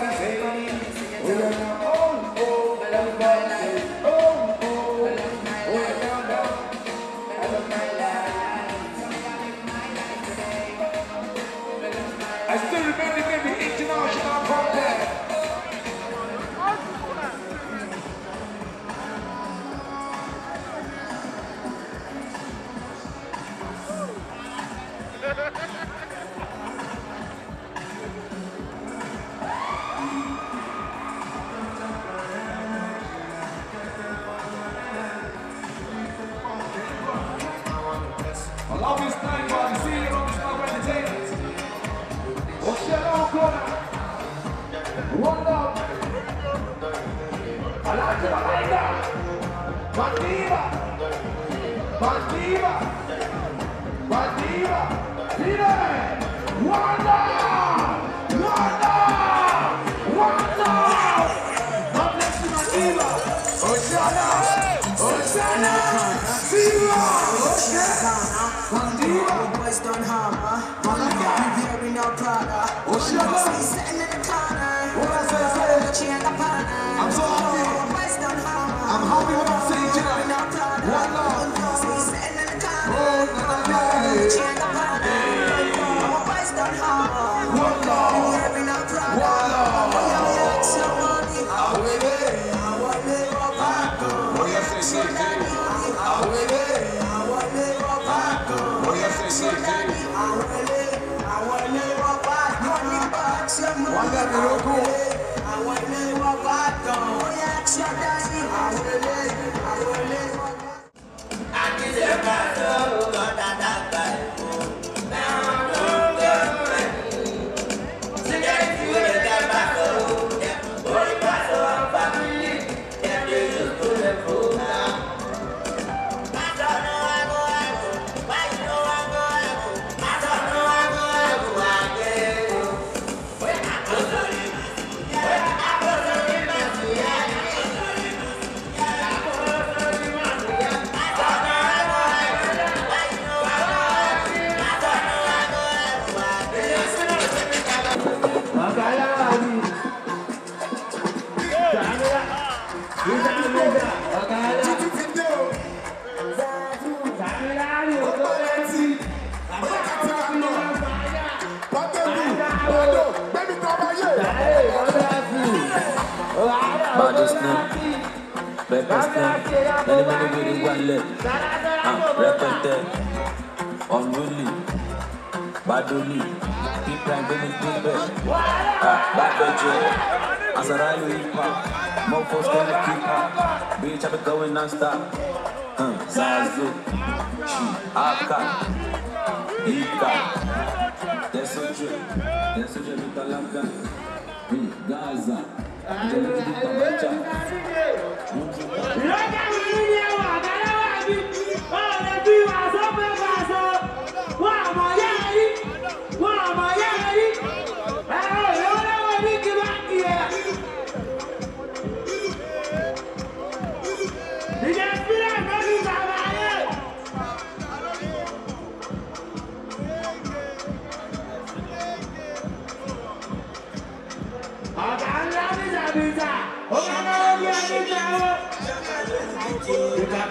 para I ló kú. Àwọn ilé I bá tàn. Ó yá Africa. That's so true. That's so true. Mitalamka. Gaza. Mtalamka.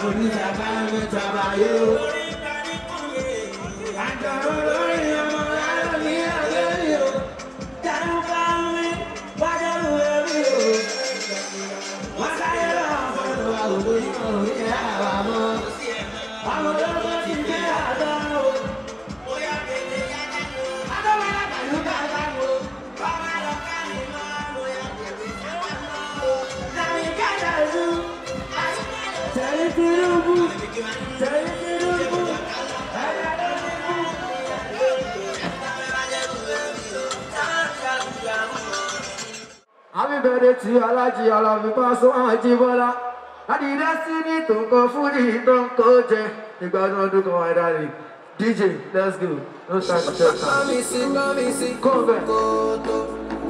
oníjàmbá ń tàbáyé o. Happy birthday to Alaji Alabi Paso Ajibola. Adi destiny to go foodie, don't go jẹ. Ìgbà ọdún ọdún kan wáyé dáre. DJ, let's go. No time to check time. Mami si, mami si, kóńbẹ̀.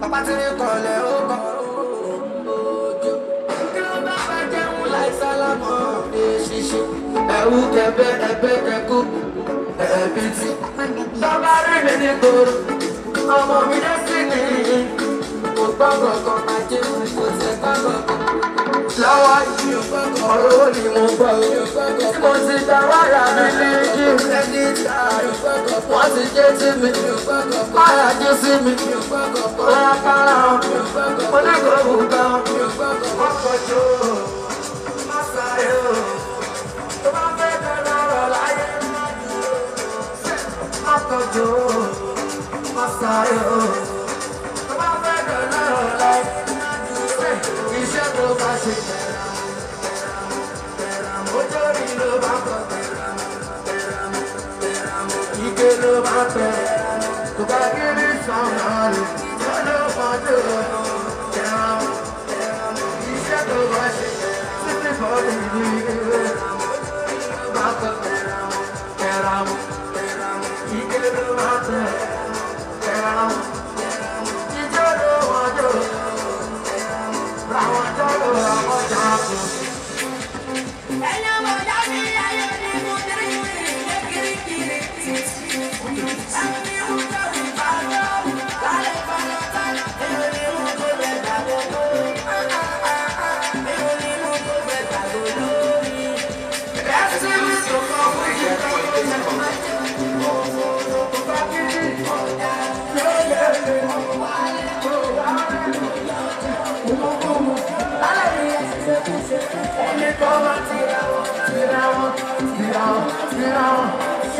Papa ti ní kọlẹ̀ ó kọ̀ ojú. Kí ló bá bá jẹun láì ní ṣíṣe? ẹ̀wù kẹ̀bẹ́ ẹ̀bẹ́ ẹ̀kú ẹ̀bí tí. Bàbá rí mi ní gbòòrò, ọmọ mi dé sí ni. Kò gbọ́ kankan ajé mi kò tẹ̀ kankan. Lọ́wọ́ yìí ọ̀rọ̀ ò ní mo gbọ́ o. Tí mo ti ta wàrà mi léjì. Wọ́n ti jẹ́ sí mi. Wàrà jẹ́ sí mi. Wọ́n á kára wọn. Mo ní kò wù gan. Wọ́n kọjú.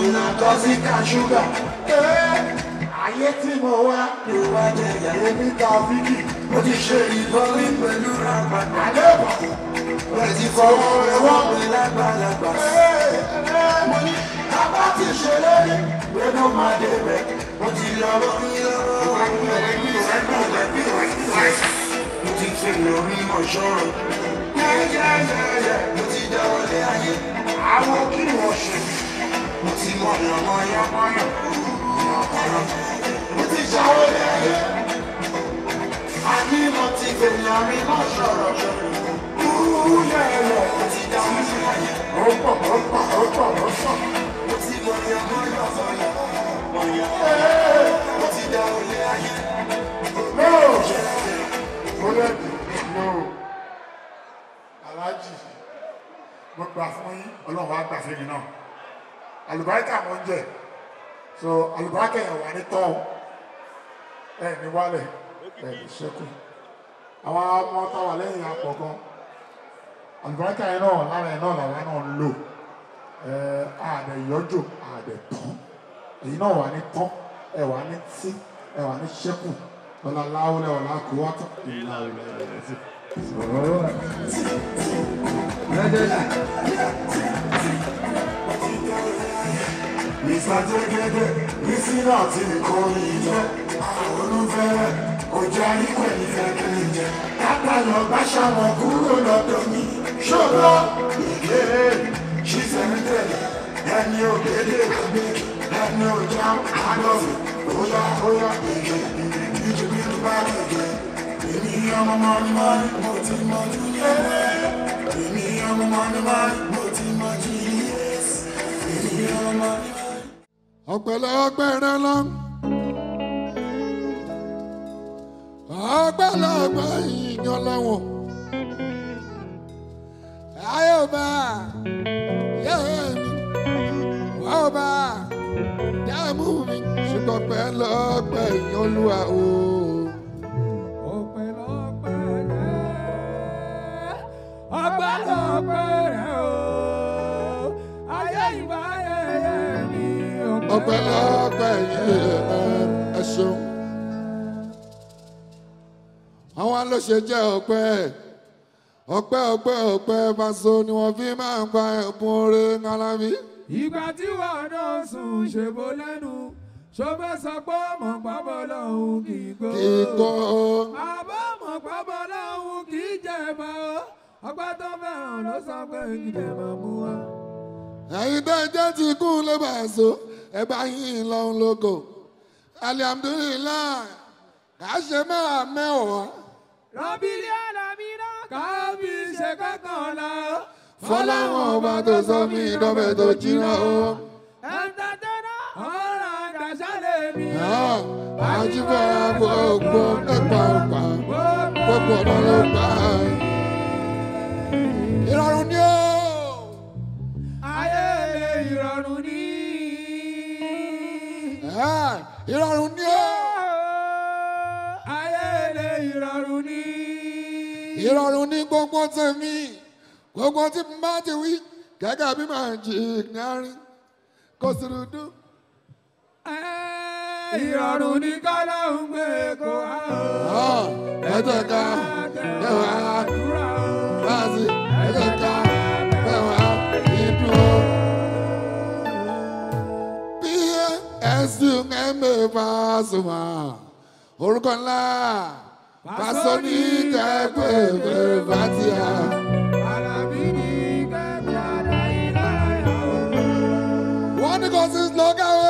fìlà tó sí ká ṣúgà. Ayé tí mo wá ló wá jẹ ìyá. Èmi ta fídì, mo ti ṣe ìbọlí pẹ̀lú ràgbà. Àlébà, rẹ̀ ti fọwọ́ rẹ̀ wọ́n mi lágbàlagbà. Mo ní bàbá ti ṣe lórí, gbẹ́nu máa débẹ̀. Mo ti lọ bọ́ mi lọ́wọ́ ọ̀hún ẹ̀mí ẹ̀gbọ́n lẹ́bí ọ̀hún. Mo ti fi lórí ọ̀ṣọ́rọ̀. Yẹ́yẹ́yẹ́yẹ́, mo ti dáwọ́lé ayé. Àwọn kí wọ́n ṣe mí mo ti mọ ìrànwọ́ yánmọ́yán ìrànwọ́ mo ti ṣàwọ́ lẹ́yìn àní mo ti gbèyàn àmì mọ́ ṣọ̀rọ̀ kúrú lẹ́yìn mo ti dá mi sí ayé ó pọ̀ ó pọ̀ No! no aláàjì gbogbo àfọyín ọlọ́run á gbà fún yín náà àlùbáríkà wọn jẹ so àlùbáríkà yẹn wà ní tọ́ ẹ ní wálẹ̀ ẹ ní ṣẹ́kù àwọn ọmọ táwa lẹ́yìn apọ̀ gan àlùbáríkà yẹn náà lára yẹn náà làwa náà ń lò ẹ àdẹ yọjò àdẹ tán èyí náà wà ní tán ẹ wà ní tí ẹ wà ní ṣẹ́kù ọ̀là láwùlẹ̀ ọ̀là kò wá tán ìlà ìlà ìlà ìsàjẹgẹdẹ bísínà àti ìkórè ìjẹ olùfẹ́ òjò ayípẹ ìfẹ́ kiri jẹ kápá lọ bá ṣàwọn kúrò lọ́dọ̀ mi ṣọlọ ìké ṣiṣẹ ń tẹlẹ ẹni òkèlè kàbí ẹni òjò àlọfẹ bóyá bóyá ìké ìjùbí tó bá kéke èmi ọmọ mọ́ni mọ́ni mo ti mọ́jú yẹn èmi ọmọ mọ́ni mọ́ni mo ti mọ́jú yẹn èmi ọmọ mọ́ni ọpẹ́lọpẹ́ rẹ lọ. ọpẹ́lọpẹ́ ìyìn Ọlọ́run. ayọba yẹmi ọba dààmú mi ṣùgbọ́n ọpẹ́lọpẹ́ ìyìn Olúwa o. ọpẹ́lọpẹ́ rẹ ọpẹ́lọpẹ́ rẹ o. ọpẹ́lọpẹ́ yìí ẹ ṣeun àwọn ló ṣe jẹ́ ọpẹ́ ọpẹ́ ọpẹ́ ọpẹ́ paṣọ ni wọ́n fi máa ń pa ẹ̀bùn oore kálábí. ìgbà tí wàá náà sùn ṣèbó lẹ́nu ṣọfẹ́ sọ pé ọmọ pábọ̀ lọ́hùn kì í gbó. kì àbọ̀ ọmọ pábọ̀ lọ́hùn kì í jẹ̀bọ̀ ọgbà tó fẹ́ràn ló sọ pé ìdìbò mú wa. ẹ̀yin tẹ́ jẹ́ ti kún lébàá so ẹ bá yín lọ́hún lógo alihamdulilayi kà á ṣe máa mẹ́ ọ̀wá. rọ́bìlì àlàmínà kábí ṣe kankan la. fọláwọn ọba tó sọ mí dọ́bẹ̀ tó jìnnà o. ẹ̀ńtàtẹ́nà ọ̀rọ̀ àgàṣálẹ̀ mi. Ah, àjíbọ̀ra gbogbo nípa ọ̀pá gbogbo ọ̀dọ́ ló pa. ìrọ̀rùn ìrọ̀rùn ni ó. Ah, ayé ilé ìrọ̀rùn ni. ìrọ̀rùn ni gbogbo tèmi gbogbo tí mo bá ti wí gẹ́gẹ́ bí màá jì ìgbìyànjú kò sì rúdú. Eh, ìrọ̀rùn ni kọ́lá ń gbé kó a. Ah, ẹ̀jẹ̀ ká ẹ̀wà àdúrà. ẹ̀jẹ̀ ká. Jésù ẹ̀mẹ̀ Pasuma orúkọ ńlá pásọ ní kẹ́pẹ́ pẹ́ fatia. wọ́n ní kò sí slogan o.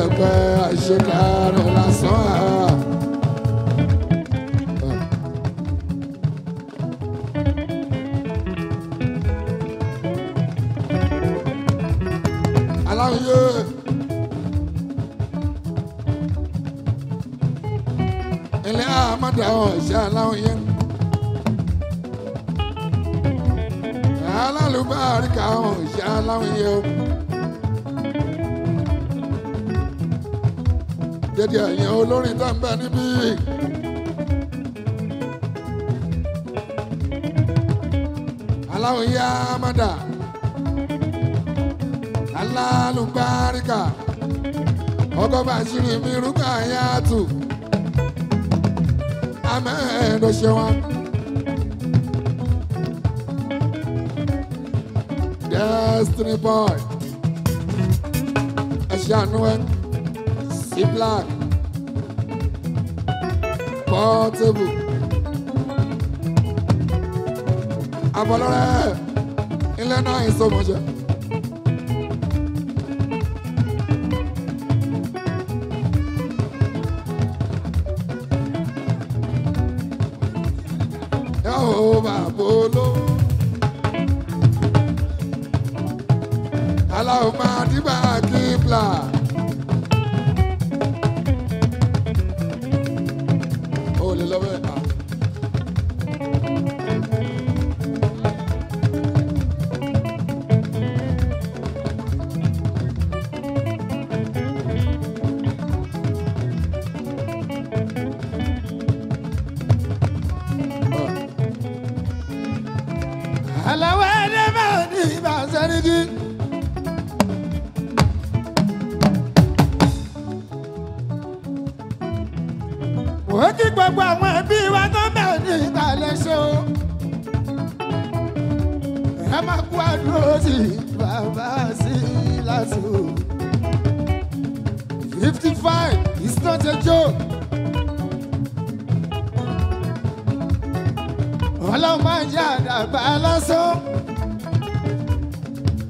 pẹpẹ àṣekára lásán. aláwòye. ilé àmàdà ọ̀ṣẹ́ aláwòye. alálùbáríkà ọ̀ṣẹ́ aláwòye. jẹ́jẹ́ ẹ̀yìn olórin tá ń bẹ níbí. aláwọ̀ yá mọ́dà alálùbáríkà ọgọ́fà ṣìrì mi rúkà yá tù ṣe wọn. Destiny Boy. Ajanwen. Zipline. Portable. Àbọ̀lọ́rẹ́ ilé náà ń sọmọ̀jẹ́. Yàwó bàbá olówó. Aláwo máa dìbà kí n bla. ó kí gbogbo àwọn ẹbí wa tó bẹ̀ ní ìgbàlẹ̀ ṣe o. ẹ má kú àdúró sí bàbá sí lásù. fifty five is not a joke. ọlọ́run máa ń jẹ́ àdàgbà lásán.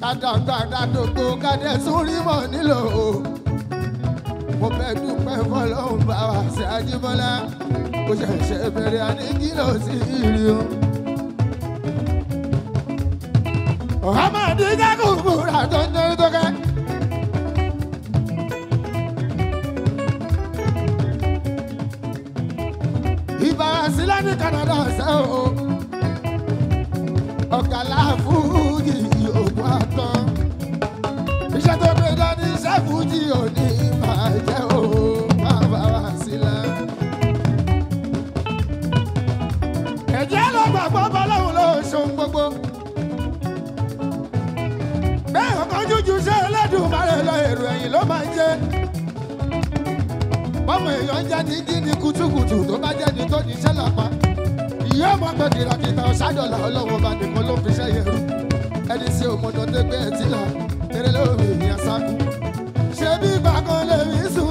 kádàgbà dàdógbò kádẹ́sùn rímọ̀ nílò. mo bẹ̀ dùn fọlọ́hún bá wa ṣe àjíbọ́lá kò ṣẹ̀ṣẹ̀ bẹ̀rẹ̀ àníkìlọ̀ sí ìrì o. ọ̀hámàdé jákùn fúra tó ń tẹ́rí tó kẹ́. o ọmọ èèyàn jẹ́ ní gíní kùtùkùtù tó bá jẹ́ ní tó ní ìyá ọmọ gbẹ kìràkìtà ọ̀ṣádọ́là ọlọ́wọ́ bá nìkan ló fi ṣe yẹrù ẹni tí òmùdó tẹgbẹ́ ẹ̀ tí là tẹ́lẹ̀ lórí ìyá sáku ṣé bí bàkan lè rí sùn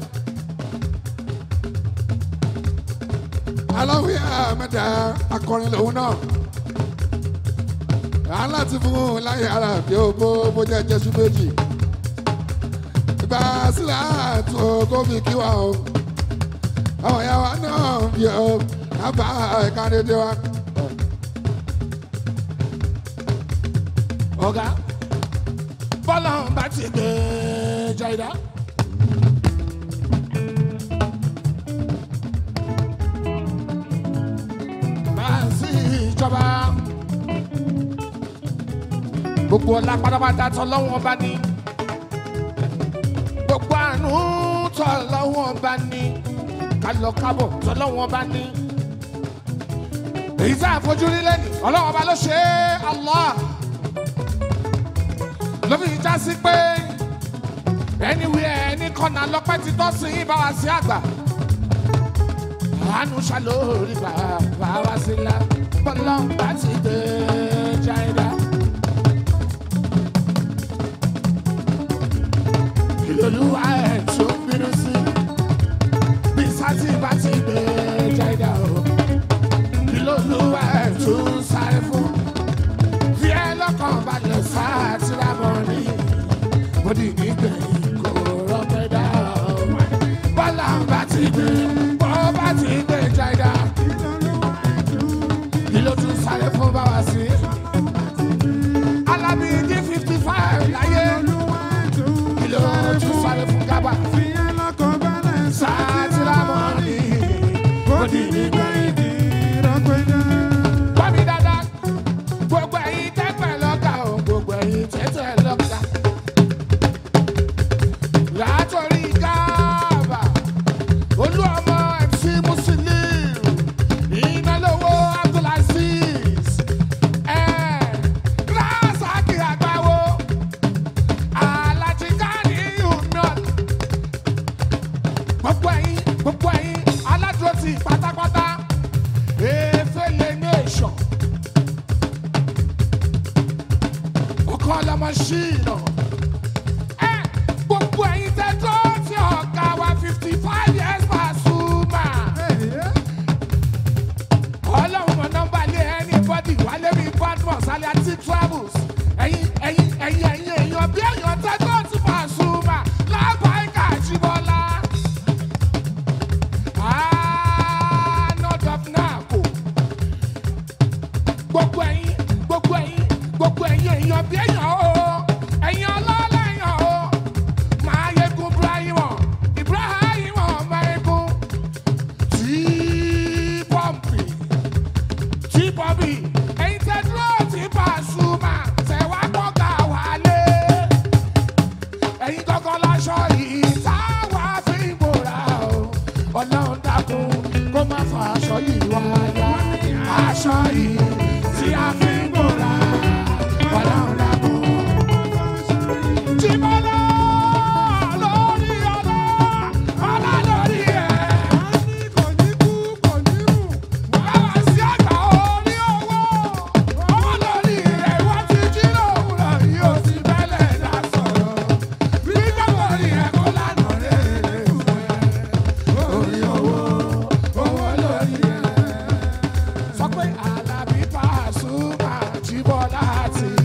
aláwíà mẹ́ta akọrin lòun náà aláti fún láyé ya bí ó bó bó jẹ́ jésù méjì ìgbà sílẹ̀ àti ogómi kí wà o àwọn ìyá wa náà bí o àbá ẹ̀ka dédé wa. ọ̀gá bọ́lá ọ̀hún bá ti gbé jẹ́ ìdá. jọba. gbogbo ọlá pátápátá tọlọ́hun ọba ni. gbogbo àánú tọlọ́hun ọba ni. kálọ̀ kábọ̀ tọlọ́hun ọba èyí tá a fojú rí lẹ́nu ọlọ́hun ọba ló ṣe é Allah. lómi ìjà sí pé anywhere any corner lọ́pẹ́ ti tọ́ sí yín bá wa sí àgbà àánú ṣàlórí bàbá wa sí lábẹ́. Eh, look Hallelujah. 别走。party.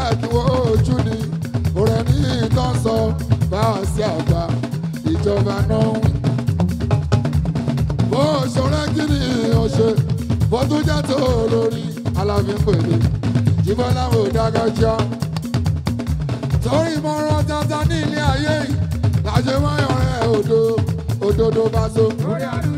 ẹ̀dùn ojú ni òrẹ́ ní ìtàn bá a ṣe àgbà ìjọba náà bó ṣọ̀rẹ́ kí ni o ṣe bọ́tújà tó lórí aláfin pèlè jíbọ́ láwọn òdàgàjá. torí mọ́rán tata ní ilé ayé yìí làṣẹ mọ́yọ̀rẹ́ òdo òdodo bá so. lórí àdúrà.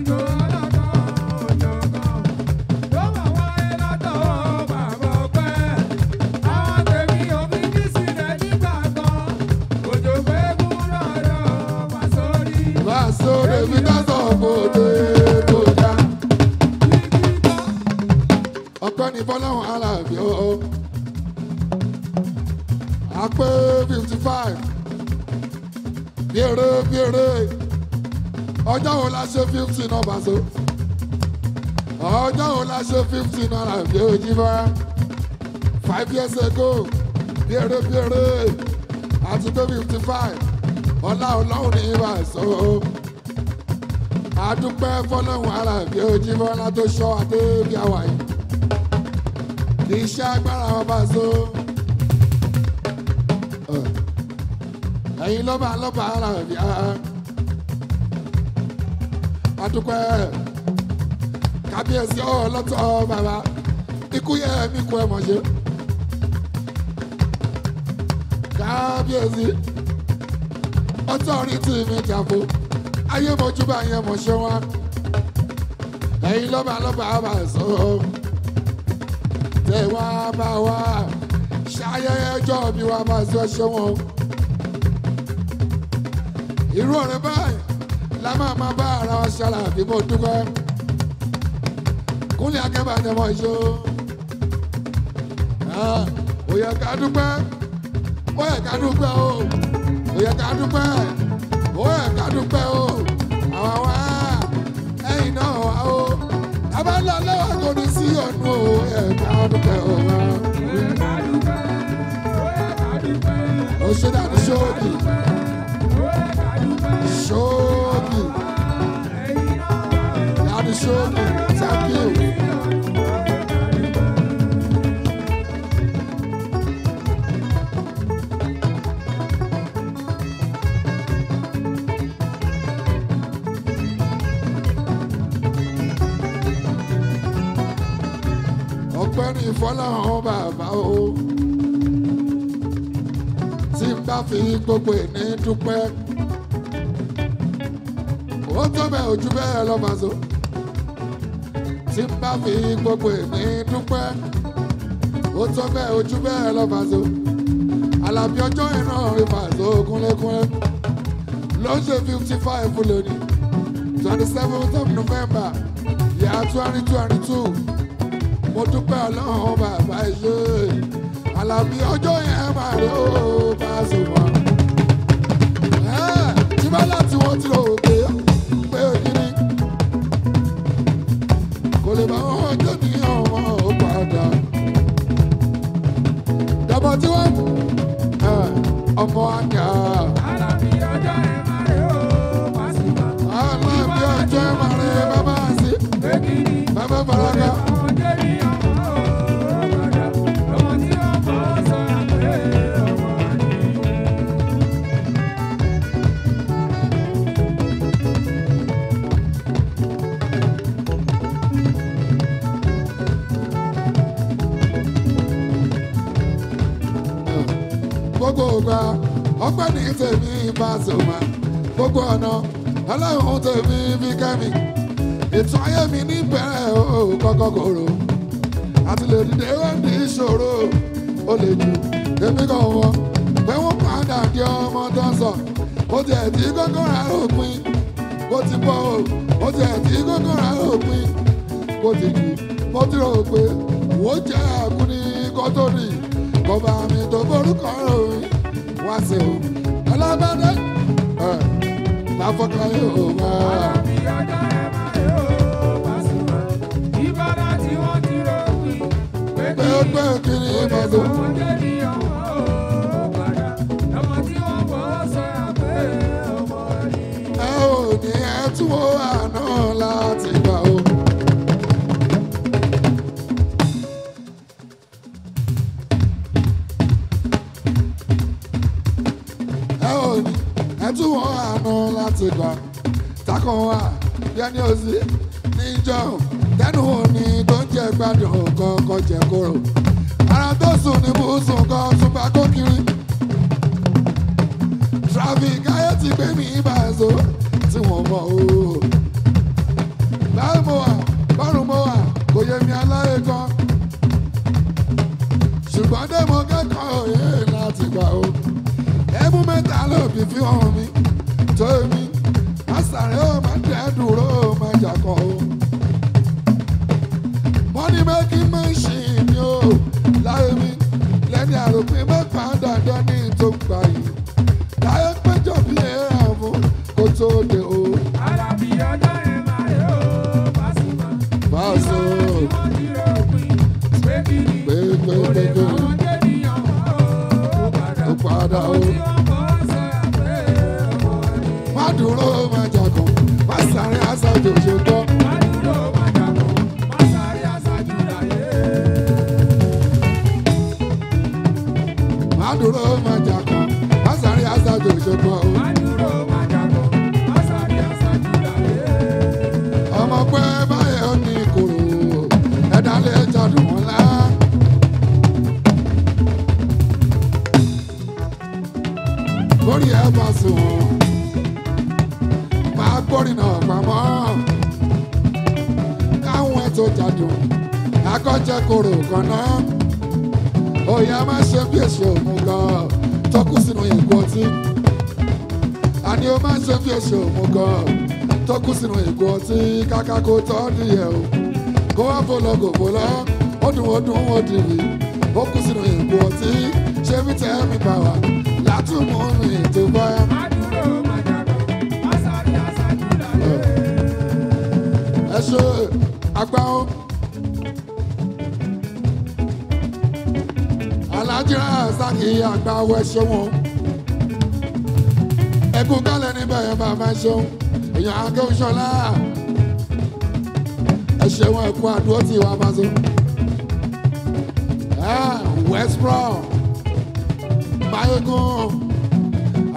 fifty nọmba so ọjọ́ wo la ṣe fifty naira bí ojú bá five years ago bèrè bèrè àti tó fifty five ọlá ọlọ́run ní ibà so. adúpẹ́ fọlọ́hún alábí ojúbọ́lá tó ṣọ́ àtẹ́bí bia kì í ṣe agbára ọba so ẹ̀yin lọ́ba lọ́ba alábí adúpẹ́ kábíyèsí ọlọ́tọ̀ bàbá baba, yẹ ayé mojúbà yẹn mo ṣe wá ẹ̀yin lọ́ba lọ́ba àbà sọ tẹ wá bá wá ṣayẹyẹ ọjọ́ mi wá bá sọ ṣe wọn. irú ọ̀rẹ́ báyìí la máa máa bá ara wa ṣàlà bí mo dúpẹ́ kúnlẹ̀ akẹ́bà ni mo ṣe ah, ó yẹ dúpẹ́ ó dúpẹ́ ó yẹ dúpẹ́ ó ẹ̀ ká dúpẹ́ o àwa wá ẹ̀yìn náà wá o tábà ń lọ lẹ́wà gòdì sí ọ̀nù o ẹ̀ ká dúpẹ́ o wá. ó ṣe dàdí ṣóòdì ṣóòdì dàdí ṣóòdì thank you. fọlọ́run bàbá o tí n bá fi gbogbo ìní dúpẹ́ ó tó bẹ́ẹ̀ ojú bẹ́ẹ̀ lọ́mọ́sọ tí n bá fi gbogbo ìní dúpẹ́ ó tó bẹ́ẹ̀ ojú bẹ́ẹ̀ lọ́mọ́sọ àlàbí ọjọ́ iná ìfàzó kúnlẹ́kúnlẹ́ ló ń fifty five lónìí twenty seventh of November yàrá twenty twenty two mo dúpẹ́ ọlọ́run bàbá ilé alábí ọjọ́ yẹn máa rí ó bá sì mọ́. tí bá láti wọ́n ti rò pé pé ògiri kò lè bá wọn ọjọ́ ní ọmọ padà. dàbọ̀ tí wọ́n ọmọ àgbà. ọpẹ́ ní tèmi Pasuma gbogbo ọ̀nà ọlọ́run tèmi bí kẹ́mi ètò ayé mi níbẹ̀rẹ̀ ó kọ́kọ́ kòrò àti lè dìde ó ní ìṣòro ó lè jù èmi kan wọ pé wọ́n padà di ọmọ dọ́sọ̀ ó ti ẹ̀dí kọ́kọ́ rà lópin bó ti bọ́ o ó ti ẹ̀dí kọ́kọ́ rà lópin bó ti jù mo ti rò pé wò ó jẹ́ àkúni kọ́tọ́rì kọ́ba mi tó borúkọ ròyìn wá sí o ọlọ́gbọ́dé ẹ̀ láfọ́kọ́ yóò wá. àbíọ́dá ẹ̀ máa yóò wá sí wa ìbára tí wọ́n ti rò wí pé kí ọgbẹ́ kiri ìbọ̀dọ̀. ọmọdé ni ọmọ ò padà ọmọ tí wọ́n bọ́ sọ àpé ọmọ ni. ẹ ò ní ẹ tún wá. gbà takùn wà yẹni òsì níjọ tẹnu òní tó ń jẹ gbádùn kọkọ jẹ kóró ara tó sùn ní bùsùn kan ṣùgbọ́n kó kiri traffic ayé ti gbé mi ìbàzó tí wọ́n mọ̀ ooo láì mo wà bọ́rùn mo wà kò yẹ mi aláyé kan ṣùgbọ́n dé mo kẹ́kọ̀ọ́ òye láti gbà o ẹ̀mú mẹ́ta ló bí fi hàn mi tó mi sáré ó máa dẹ́ dúró máa jàkọ́ o. money making machine ni ó láyé mi lẹ́ni àròpin mẹ́pàá dandan ní tó gbà yìí. sùn máa gbórin náà pamọ́ káwọn ètò jàdùn akọ́jẹ́ koro kan náà òyà má ṣe bí èso òun gan tọ́kù sínú ìgò ọtí àní o má ṣe bí èso òun gan tọ́kù sínú ìgò ọtí káká kó tọ́ nìyẹn o kó wá fọlọ́gò fọlọ́ ó dùn ó dùn ó dìrì ó kù sínú ìgò ọtí ṣé fi tẹ́ mi bá wa látùmọ̀ rìn tó bá. ẹ ṣe àgbà ó. alájírá sáàkì àgbà ó ẹ ṣeun o. ẹkún kálẹ̀ níbẹ̀ yẹn bàbá ṣeun èèyàn akéwìṣọlá ẹ ṣeun ẹkún àdúró tí wàá bá so. west brom eégún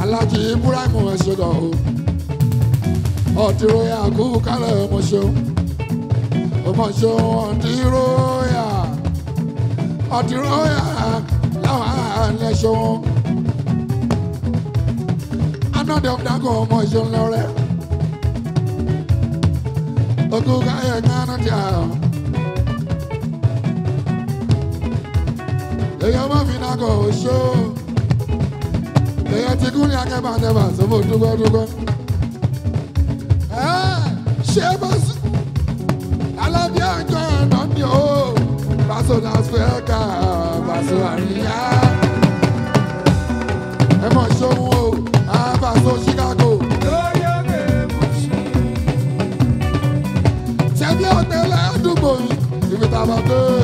alájí ibrahim ẹ̀ṣọ́gà o ọ̀dìrò yà kú kálẹ̀ ọmọṣẹ́ ọmọṣẹ́ ọ̀dìrò yà ọ̀dìrò yà láwọn ẹlẹ́ṣọ́ wọn. anọ́dẹ̀ ọ̀dàgọ̀ ọmọṣẹ́ ńlọrẹ́ ogun káyọ̀ ńlọ́dẹ̀ àwọn. èèyàn má fi nàgọ̀ ọ̀ṣọ́ èyẹ ti kú ní akẹ́bà nẹ́bà sọ́fọ̀ dúpẹ́ dúpẹ́. ẹ ṣé bá sí alábí àjọ ẹ̀nà mi ò bàṣọ náà fẹ́ ká bàṣọ àríyá. ẹ mọ̀ ṣóhun o àbàṣọ Chicago. ṣé bí ọ̀tẹ̀ lẹ́yìn yìí ibi tá a bá dé.